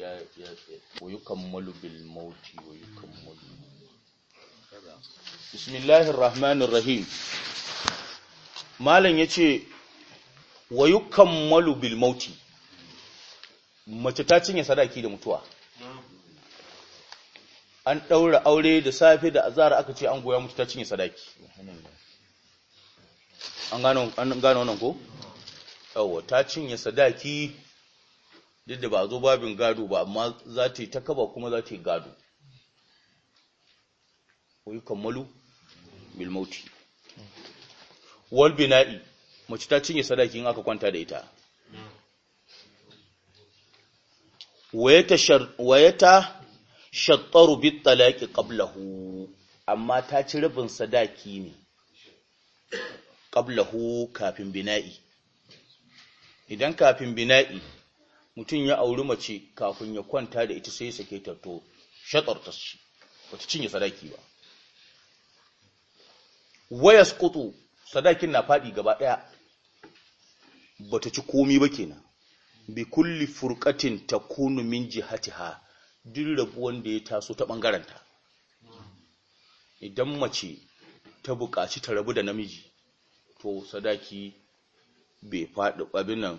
ya ya wa yukammalu bil mauti wa yukammalu bismillahir rahmanir rahim malam yace wa yukammalu bil mauti mace ta cinye sadaki da mutuwa an ɗaura aure da safe da azara aka ce an goya mutu ta cinye sadaki an gano nan ko? yawo ta cinye sadaki duk da ba zo babin gado ba amma za ta yi ta kaba kuma za ta yi gado wai kammalu bilmauti wal bina'i mace ta cinye sadaki in aka kwanta da ita wayata shattaru bit talaqi qablahu amma ta ci rabin sadaki ne qablahu kafin bina'i idan kafin bina'i mutum ya auri mace kafin ya kwanta da ita sai ya sake ta to shatarta shi wata cinye sadaki ba wayas kutu sadakin na faɗi gaba ɗaya ta ci komi ba kenan bi kulli furqatin takunu min jihatiha duk rabuwan da ya taso ta ta. idan mace ta buƙaci ta rabu da namiji to sadaki bai faɗi abin nan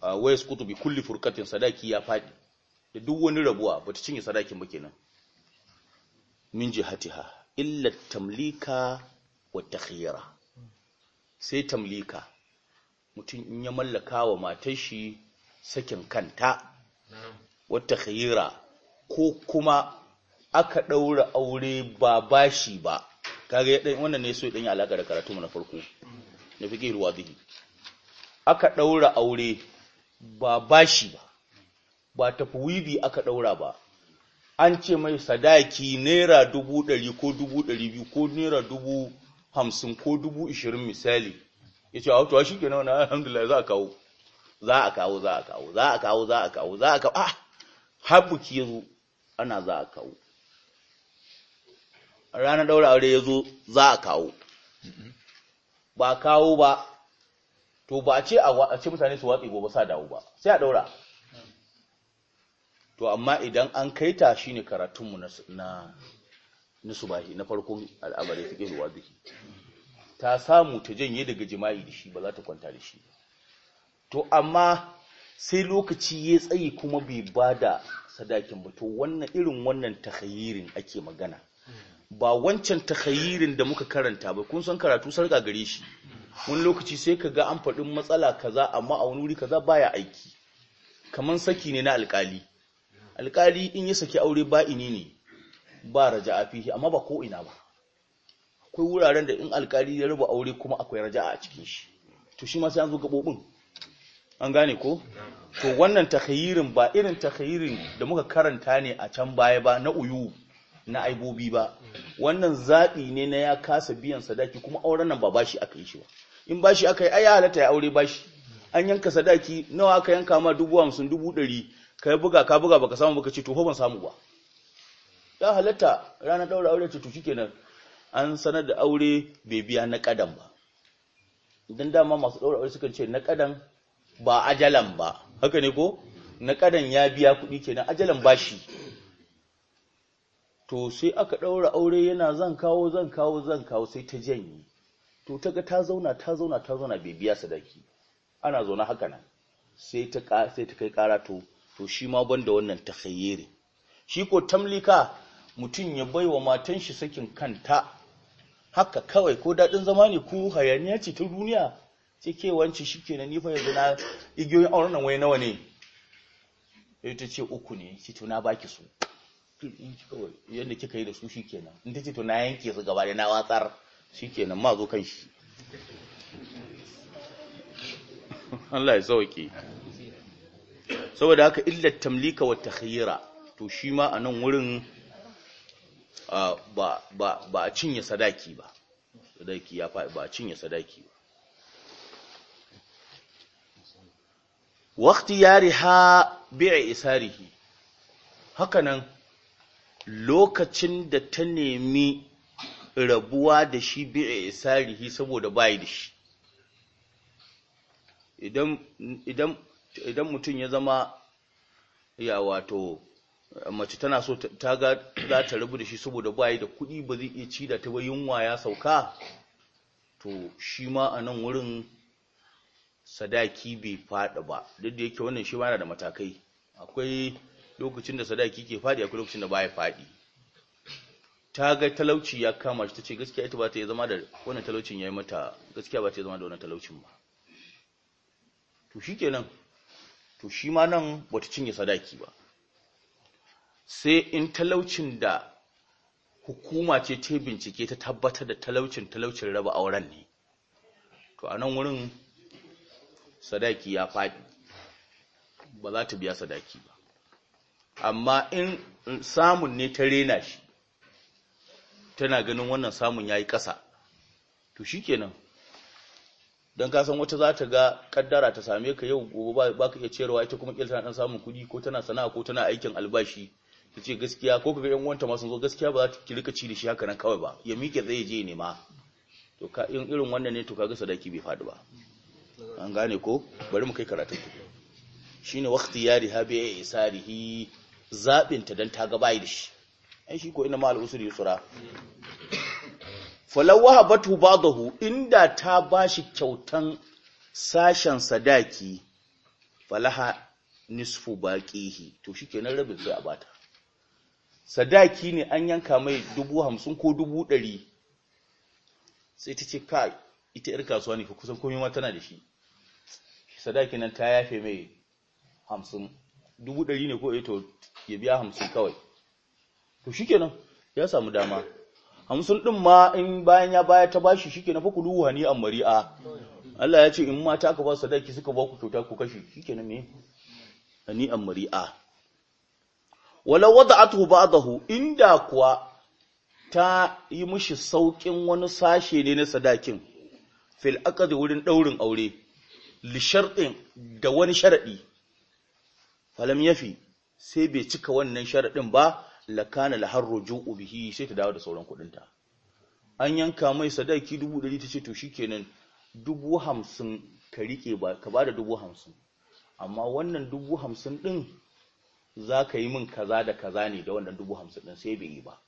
Ah, wa kutu bi kulli furqatin sadaki ya fadi da duk wani rabuwa bata cinye sadakin ba kenan min jihatiha illa tamlika wa takhira sai tamlika mutum in ya mallaka wa matar shi sakin kanta wa takhira ko kuma aka daura aure ba bashi ba kaga dan wannan ne so dan ya alaka da karatu mu na farko na fikiru wadihi aka daura aure ba bashi ba ba tafwibi aka daura ba an ce mai sadaki naira dubu ɗari ko dubu ɗari biyu ko naira dubu hamsin ko dubu ishirin misali ya ce hautuwa shi ke nauna alhamdulillah za a kawo za a kawo za a kawo za a kawo za a kawo za a kawo ah haɓuki ya zo ana za a kawo ranar ɗaura aure ya zo za a kawo ba kawo ba to ba a ce a ce mutane su watsi gobe sa dawo ba sai a daura to amma idan an kai ta shine karatunmu na na subahi na farkon al'amari fiqh wa ziki ta samu ta janye daga jima'i da shi ba za ta kwanta da shi to amma sai lokaci ya tsayi kuma bai ba da sadakin ba to wannan irin wannan takhayirin ake magana ba wancan takhayirin da muka karanta ba kun san karatu sarka gare shi wani lokaci sai ka ga an faɗin matsala kaza amma a wani wuri kaza baya aiki kaman saki ne na alkali alkali in ya saki aure ba ini ne ba raja a fihi amma ba ko ina ba akwai wuraren da in alkali ya raba aure kuma akwai raja a cikin shi to shi ma sai an zo gabobin an gane ko to wannan takhayirin ba irin takhayirin da muka karanta ne a can baya ba na uyu na aibobi ba wannan zaɓi ne na ya kasa biyan sadaki kuma auren nan ba bashi aka yi shi ba in bashi aka yi ai ya halatta ya aure bashi an yanka sadaki nawa aka yanka ma dubu hamsin dubu ɗari ka buga ka buga baka samu baka ce to ban samu ba ya halatta ranar ɗaura aure ce to shikenan an sanar da aure bai biya na kadan ba idan dama masu ɗaura aure sukan ce na kadan ba ajalan ba haka ne ko na kadan ya biya kuɗi kenan ajalan bashi to sai aka ɗaura aure yana zan kawo zan kawo zan kawo sai ta janye to ta ga ta zauna ta zauna ta zauna bai biya sadaki ana zauna haka nan sai ta sai ta kai ƙara to to shi ma banda wannan takhayyiri shi ko tamlika mutum ya baiwa matan shi sakin kanta haka kawai ko daɗin zama ne ko hayaniya ce ta duniya ce ke wanci shi ke na nifa yanzu na igiyoyin auren nan wai nawa ne ya ce uku ne shi to na baki su yadda kika yi da su shikenan in ta ce to na yanke su gaba da na watsar shikenan ma zo kan shi Allah ya sauke saboda haka illar tamlika wa takhira to shi ma a nan wurin ba a cinye sadaki ba sadaki ya riha ba a cinye sadaki ba waqti bi'i isarihi hakanan lokacin da ta nemi rabuwa da shi bi isarihi saboda bayi da shi idan mutum ya zama ya wato mace tana so ta ga za ta rabu da shi saboda bayi da kuɗi ba zai iya ci da ta ba yunwa ya sauka to shi ma a nan wurin sadaki bai faɗa ba duk da yake wannan shi ma yana da matakai akwai lokacin da sadaki ke fadi akwai lokacin da ba ya fadi ta ga talauci ya kama shi ta ce gaskiya ita ba ta zama da wannan talaucin ya yi mata gaskiya ba ta zama da wannan talaucin ba to shi to shi ma nan ba ta cinye sadaki ba sai in talaucin da hukuma ce ta bincike ta tabbatar da talaucin talaucin raba auren ne to a nan wurin sadaki ya faɗi ba za ta biya sadaki ba amma in samun ne ta rena shi tana ganin wannan samun ya yi ƙasa to shi kenan don ka wata za ta ga kaddara ta same ka yau gobe ba ka iya cewa ita kuma kilta dan samun kudi ko tana sana'a ko tana aikin albashi ta ce gaskiya ko ka ga yan uwanta masu zo gaskiya ba za ta rika ci da shi haka nan kawai ba ya mike zai je nema to ka in irin wannan ne to ka ga sadaki bai faɗi ba an gane ko bari mu kai karatun shine waqti yari habi isarihi zaɓinta don ta bayi da shi Yan shi ko ina ma'al da yusura falawa ba ba'dahu inda ta ba shi kyautan sashen sadaki falaha nisfu baqihi to shi ke nan rabin sai a bata sadaki ne an yanka mai dubu hamsin ko dubu ɗari sai ta ce ka ita ‘yar kasuwa ne kusan komi ma tana da shi sadaki nan ta yafe mai hamsin dubu ɗari ne ko eh to ya biya hamsin kawai to shikenan ya samu dama hamsin ɗin ma in bayan ya baya ta bashi shikenan kenan ku duhu hani an mari'a Allah ya ce in mata ka ba sadaki suka ba ku kyauta ku kashe shikenan ne? hani an mari'a wala wada'atuhu zahu inda kuwa ta yi mishi saukin wani sashe ne na sadakin fil da wurin ɗaurin aure lisharɗin da wani sharaɗi. falam yafi sai bai cika wannan sharaɗin ba lakana lahar ruju'u bihi sai ta dawo da sauran kuɗinta. an yanka mai sadaki dubu ta ce to shi kenan dubu hamsin ka riƙe ba ka ba da dubu hamsin, amma wannan dubu hamsin ɗin za ka yi min kaza da kaza ne da wannan dubu hamsin ɗin sai bai yi ba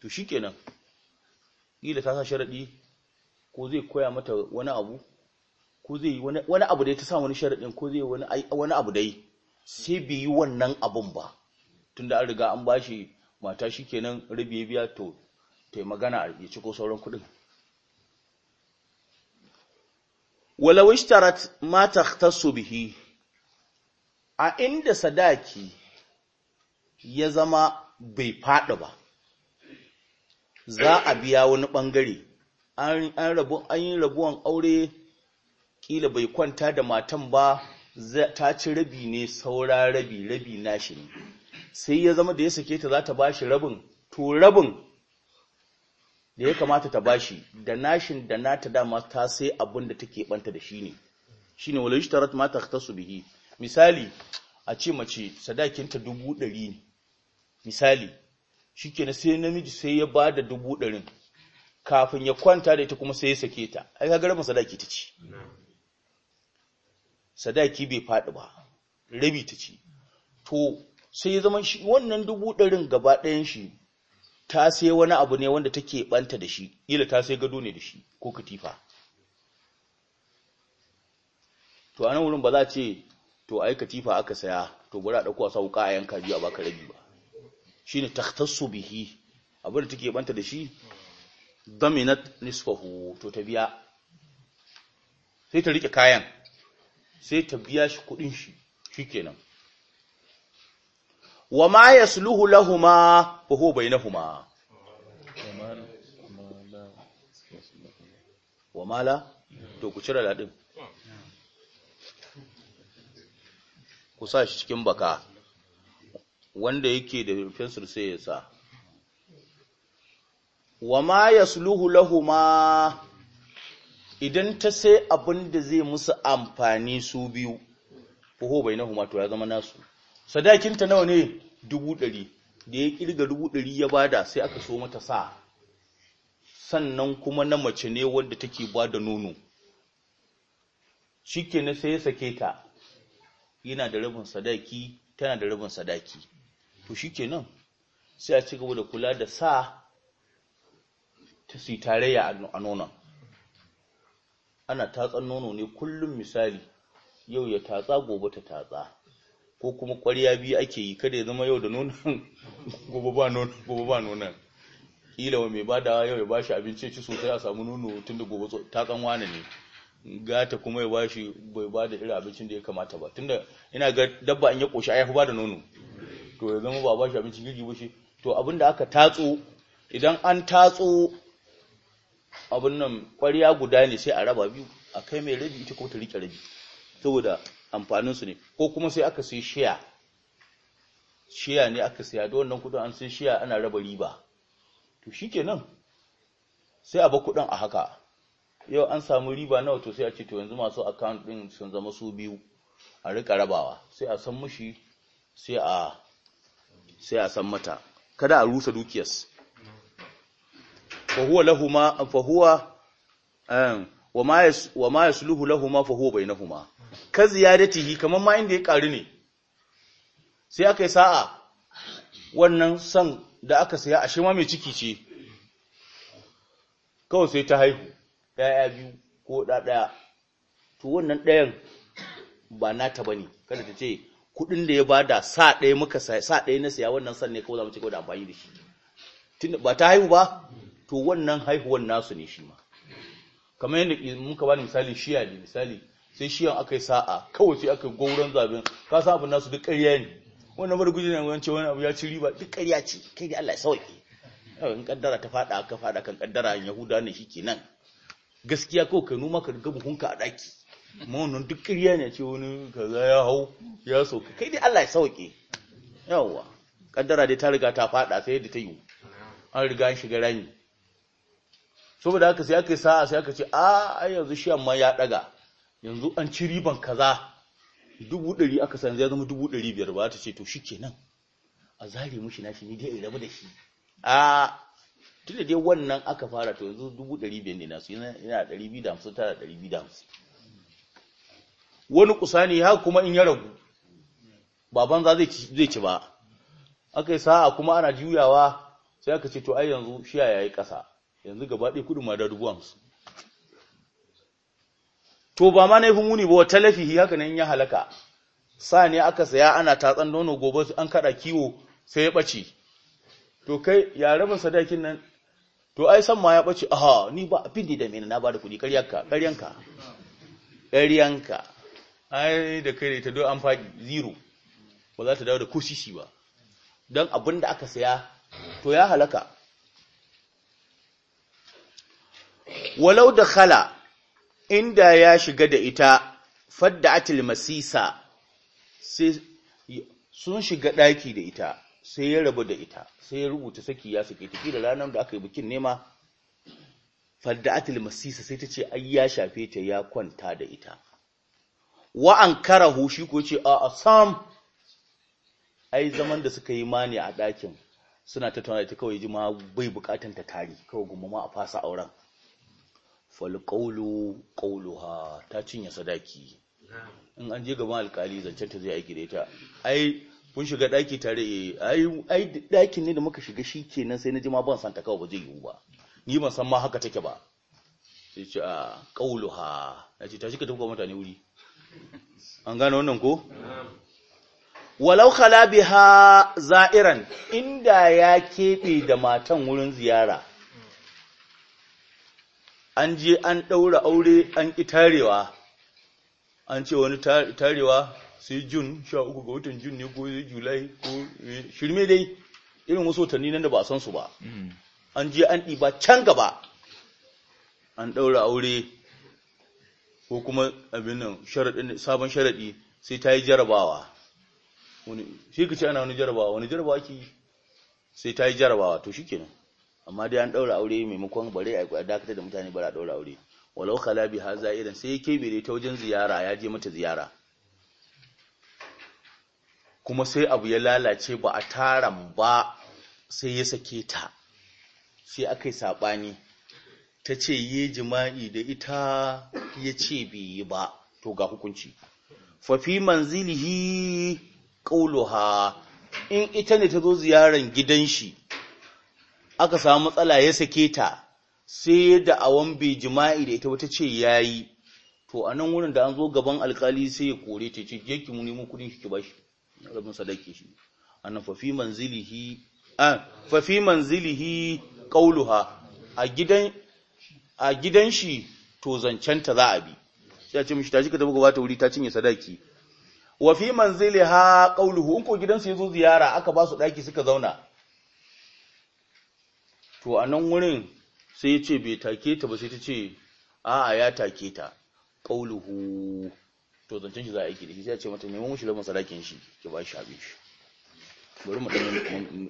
to shi kenan ila ta sa sharaɗi, ko zai koya mata wani abu ko zai yi wani abu dai ta sa wani sharaɗin ko zai yi wani abu dai sai bai yi wannan abun ba tunda an riga an ba shi mata shi kenan rabi ya biya to ta yi magana ya ciko sauran kuɗin walau ishtarat ma ta bihi a inda sadaki ya zama bai faɗi ba za a biya wani ɓangare an an yi rabuwan aure kila bai kwanta da matan ba ta ci rabi ne saura rabi rabi nashi ne sai ya zama da ya sake ta za ta bashi rabin to rabin da ya kamata ta bashi da nashin da nata dama ta sai abin da take banta da shi ne shine wala mata ta su bihi misali a ce mace sadakinta dubu ɗari ne misali shikenan sai namiji sai ya ba da dubu ɗarin kafin ya kwanta da ita kuma sai ya sake ta ai ka gara sadaki ta ci? sadaki bai faɗi ba rabi ta ce to sai zama shi wannan dubu ɗarin gaba ɗayan shi ta sai wani abu ne wanda take banta da shi ila ta sai gado ne da shi ko katifa to anan wurin ba za ce to ai katifa aka saya to bari a dauko a sau ka yanka biyu a baka rabi ba shine takhtassu bihi abin da take banta da shi daminat nisfahu to ta biya sai ta rike kayan sai ta biya shi kuɗin shi shikenan wa ma yasluhu lahuma fa huwa bainahuma wa mala to ku cire ladin ku sa shi cikin baka wanda yake da fensir sai ya sa wa ma yasluhu lahuma idan ta sai abin da zai musu amfani su biyu oho bai na humato ya zama nasu sadakinta nawa ne dubu ɗari da ya ƙirga dubu ɗari ya bada sai aka so mata sa sannan kuma na mace ne wadda take ba da nono shi na sai ya sake ta yana da rabin sadaki tana da rabin sadaki to shi ke nan sai a ci gaba da kula da sa ta sitare tarayya a nonon ana tatsan nono ne kullum misali yau ya tatsa gobe ta tatsa ko kuma ƙwarya biyu ake yi kada ya zama yau da nonon gobe ba nono gobe ba nonon kila wa mai badawa yau ya bashi abinci ci sosai a samu nono tun da gobe tatsan wane ne gata kuma ya bashi bai bada irin abincin da ya kamata ba tunda ina ga dabba in ya koshi ai fa bada nono to ya zama ba bashi abincin girgi ba shi to abinda aka tatso idan an tatso abin nan ƙwariya guda ne sai a raba biyu a kai mai rabi ita kuma ta riƙe rabi saboda amfaninsu ne ko kuma sai aka sai shiya shiya ne aka saya. da wannan kudin an sai shiya ana raba riba to shikenan sai a ba kudin a haka yau an samu riba nawa to sai a ce to yanzu masu account din sun zama su biyu a rika rabawa sai a san mushi sai a sai a san mata kada a rusa dukiyarsa wa لهما lahuma fa وما wa ma wa ma yasluhu lahuma fa huwa bainahuma ka ma inda ya karu ne sai aka yi sa'a wannan san da aka saya ashe ma mai ciki ce kawai sai ta haihu ɗaya biyu ko ɗaya to wannan ɗayan ba nata bane kada ta ce kuɗin da ya bada sa ɗaya muka sa ɗaya na saya wannan san ne kawai za mu ci kawai da amfani da shi ba ta haihu ba to wannan haihuwan nasu ne shi ma kamar yadda muka bani misali shiya ne misali sai shiyan aka yi sa'a kawai sai aka yi gauran zaben ka sa abin nasu duk ƙarya ne wannan marguji ne ce wani abu ya ci riba duk ƙarya ce kai da Allah ya sauke in kaddara ta fada ka fada kan kaddara yahuda ne kenan gaskiya ko ka noma ka riga buhunka a daki amma wannan duk ƙarya ne ce wani kaza ya hau ya sauke kai da Allah ya sauke yawwa kaddara dai ta riga ta fada sai yadda ta yi an riga shiga rami saboda haka sai aka yi sa'a sai aka ce a yanzu shi amma ya daga yanzu an ci riban kaza dubu ɗari aka san ya zama dubu ɗari biyar ba ta ce to shi kenan a zare mushi na shi ni dai rabu da shi a tun da dai wannan aka fara to yanzu dubu ɗari biyar ne nasu yana ɗari biyu da hamsin tara ɗari biyu da hamsin wani kusa ne haka kuma in ya ragu baban za zai ci ba aka yi sa'a kuma ana juyawa sai aka ce to ai yanzu shi ya yi ƙasa yanzu gaba ɗaya kudin ma da dubu hamsin to ba ma na yi muni ba wa talafihi haka nan ya halaka sa ne aka saya ana tatsan nono gobe an kaɗa kiwo sai ya ɓace. to kai ya raba sadakin nan to ai san ma ya ɓace, aha ni ba abin da dame na bada kuɗi karyanka. Karyanka, karyanka ai da kai ta don an faɗi zero ba za ta dawo da kusishi ba don abin da aka saya to ya halaka walau da khala inda ya shiga da ita fadda'atil masisa sai sun shiga daki da ita sai ya rabu da ita sai ya rubuta saki ya sake tafi da ranar da aka yi bikin nema fadda'atil masisa sai ta ce ai ya shafe ta ya kwanta da ita wa an shi ko ce a sam ai zaman da suka yi mani a ɗakin suna tattauna da ta kawai ji ma bai bukatan ta tari kawai gumma ma a fasa auren falƙaulu ƙauluha ta cinye sadaki in an je gaban alƙali zancen ta zai aiki da ita ai kun shiga ɗaki tare ai ai ɗakin ne da muka shiga shi kenan sai na ji ma ban san ta kawai ba zai yiwu ba ni ban san ma haka take ba sai ce a ah, ƙauluha na ce ta shiga tafi tafi mutane wuri an gane wannan ko walau khala biha za'iran inda ya keɓe da matan wurin ziyara an je an ɗaura aure an ƙi tarewa an ce wani tarewa sai jun sha uku ga watan jun ne ko julai ko eh, shirme dai irin wasu watanni nan da ba a san su ba mm. an je an ɗiba can gaba an ɗaura aure ko kuma abin nan sabon sharaɗi sai ta yi jarabawa wani shi ka ce ana wani jarabawa wani jarabawa ki sai ta yi jarabawa to shi kenan amma dai an daura aure maimakon bare a dakatar da mutane bara daura aure walau khala bi haza irin sai yake bere ta wajen ziyara ya je mata ziyara kuma sai abu ya lalace ba a taran ba sai ya sake ta sai aka yi saɓani ta ce yi jima'i da ita ya ce bai yi ba to ga hukunci fafi manzilihi ƙauluha in ita ne ta zo ziyaran gidan shi aka samu matsala ya sake ta sai da wani bai jima'i da ita wata ce ya yi. to a nan wurin da an zo gaban alkali sai ya kore ta ce je ki mu nemo kudin ki ba shi rabin sadaki shi ana fafi manzilihi a fa manzilihi qauluha a gidan a gidan shi to zancenta za a bi sai a ce mishi tashi ka tafi gaba ta wuri ta cinye sadaki wa fi manziliha qauluhu in ko gidansu yazo ziyara aka ba su daki suka zauna to a nan wurin sai ya ce bai take ta ba sai ta ce a'a ya take ta ƙauluhu. to zancen shi za a yi da shi sai ya ce mata neman mushi lamar sadakin shi ki ba shi abin shi bari mu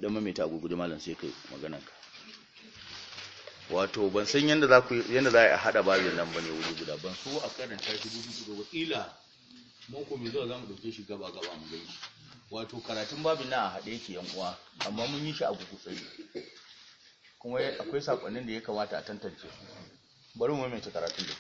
dan maimaita da malam sai kai maganan ka wato ban san yanda za ku yanda za a hada babin nan bane wuri guda ban so a karanta shi dubu ga wakila mako mai zuwa zamu dauke shi gaba gaba mu gani wato karatun babin na a hade yake yan uwa amma mun yi shi a tsari kuma akwai sakonnin da ya kamata a tantance bari mu mai karatun da